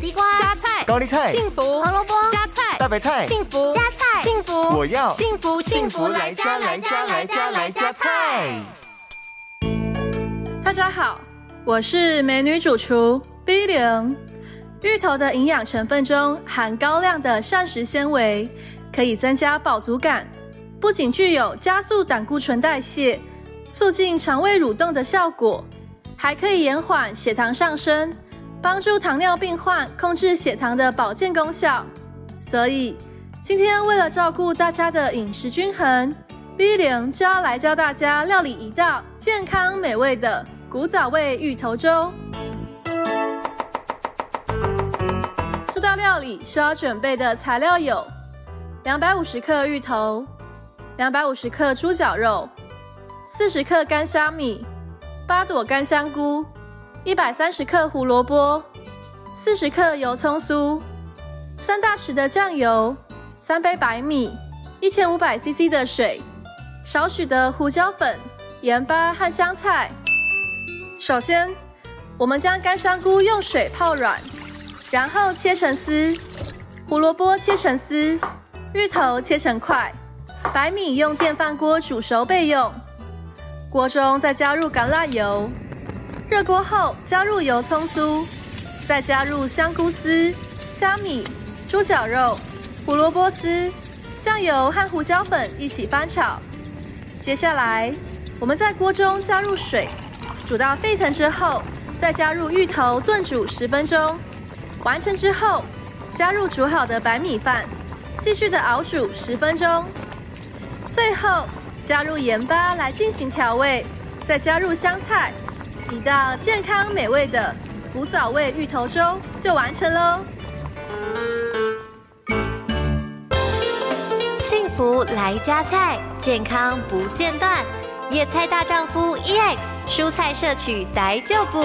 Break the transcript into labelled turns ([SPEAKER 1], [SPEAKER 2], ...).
[SPEAKER 1] 地瓜、加菜、高麗菜幸福、紅蘿蔔、加菜、大白菜、幸福、加菜、幸福，我要幸福幸福來加來加來加來加菜。大家好，我是美女主廚 Bling。芋頭的營養成分中含高量的膳食纖維，可以增加飽足感，不僅具有加速膽固醇代謝、促進腸胃蠕動的效果，還可以延緩血糖上升。幫助糖尿病患控制血糖的保健功效，所以今天為了照顧大家的飲食均衡，B 零就要來教大家料理一道健康美味的古早味芋頭粥。這道料理需要準備的材料有：兩百五十克芋頭、兩百五十克豬絞肉、四十克乾蝦米、八朵乾香菇。一百三十克胡蘿蔔，四十克油蔥酥，三大匙的醬油，三杯白米，一千五百 cc 的水，少許的胡椒粉、鹽巴和香菜。首先，我們將乾香菇用水泡軟，然後切成絲；胡蘿蔔切成絲，芋頭切成塊，白米用電飯鍋煮熟備用。鍋中再加入橄欖油。熱鍋後，加入油蔥酥，再加入香菇絲、蝦米、豬絞肉、胡蘿蔔絲、醬油和胡椒粉一起翻炒。接下來，我們在鍋中加入水，煮到沸騰之後，再加入芋頭燉煮十分鐘。完成之後，加入煮好的白米飯，繼續的熬煮十分鐘。最後，加入鹽巴來進行調味，再加入香菜。一道健康美味的古早味芋頭粥就完成嘍！幸福來加菜，健康不間斷，野菜大丈夫 EX 蔬菜攝取來就補。